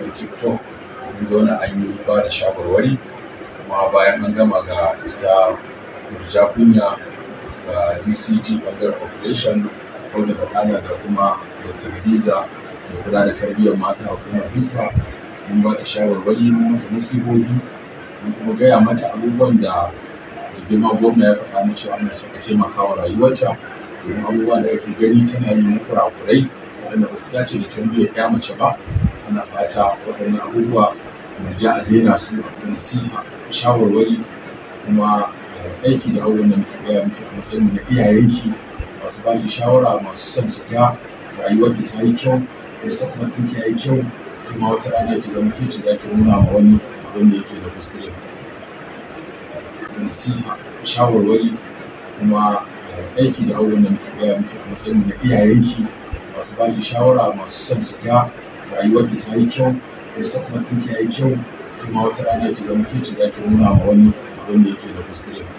da tiktok mun zauna an yi ba da shawarwari kuma bayan an gama ga ita murja kunya ga dcg bangaren population ko da kaɗana da kuma da hadiza da kula da tarbiyyar mata kuma hisba mun ba da shawarwari mun mata nasihohi mun kuma gaya mata abubuwan da girma gwamna ya faɗa na cewa ana suka taimaka wa rayuwarta domin abubuwan da ake gani tana yi na kurakurai waɗanda ba su dace da tarbiyyar ya mace ba ana bata waɗannan abubuwa mu ja a daina su da nasiha shawarwari kuma eh, aiki da abubuwan da muke gaya muke a matsayin na iyayenki masu ba ki shawara masu son su ga rayuwarki ta yi kyau musamman ɗinki ya yi kyau kuma wata rana ki zama ke ci za ki nuna ma wani abin da yake da kuskure ba nasiha shawarwari kuma eh, aiki da abubuwan da muke gaya muke a matsayin na iyayenki masu ba ki shawara masu son su ga rayuwarki ta yi kyau sakamakon ki ya yi kyau kuma wata rana ki zama kin za ki nuna ma wani abin da yake da kuskure ba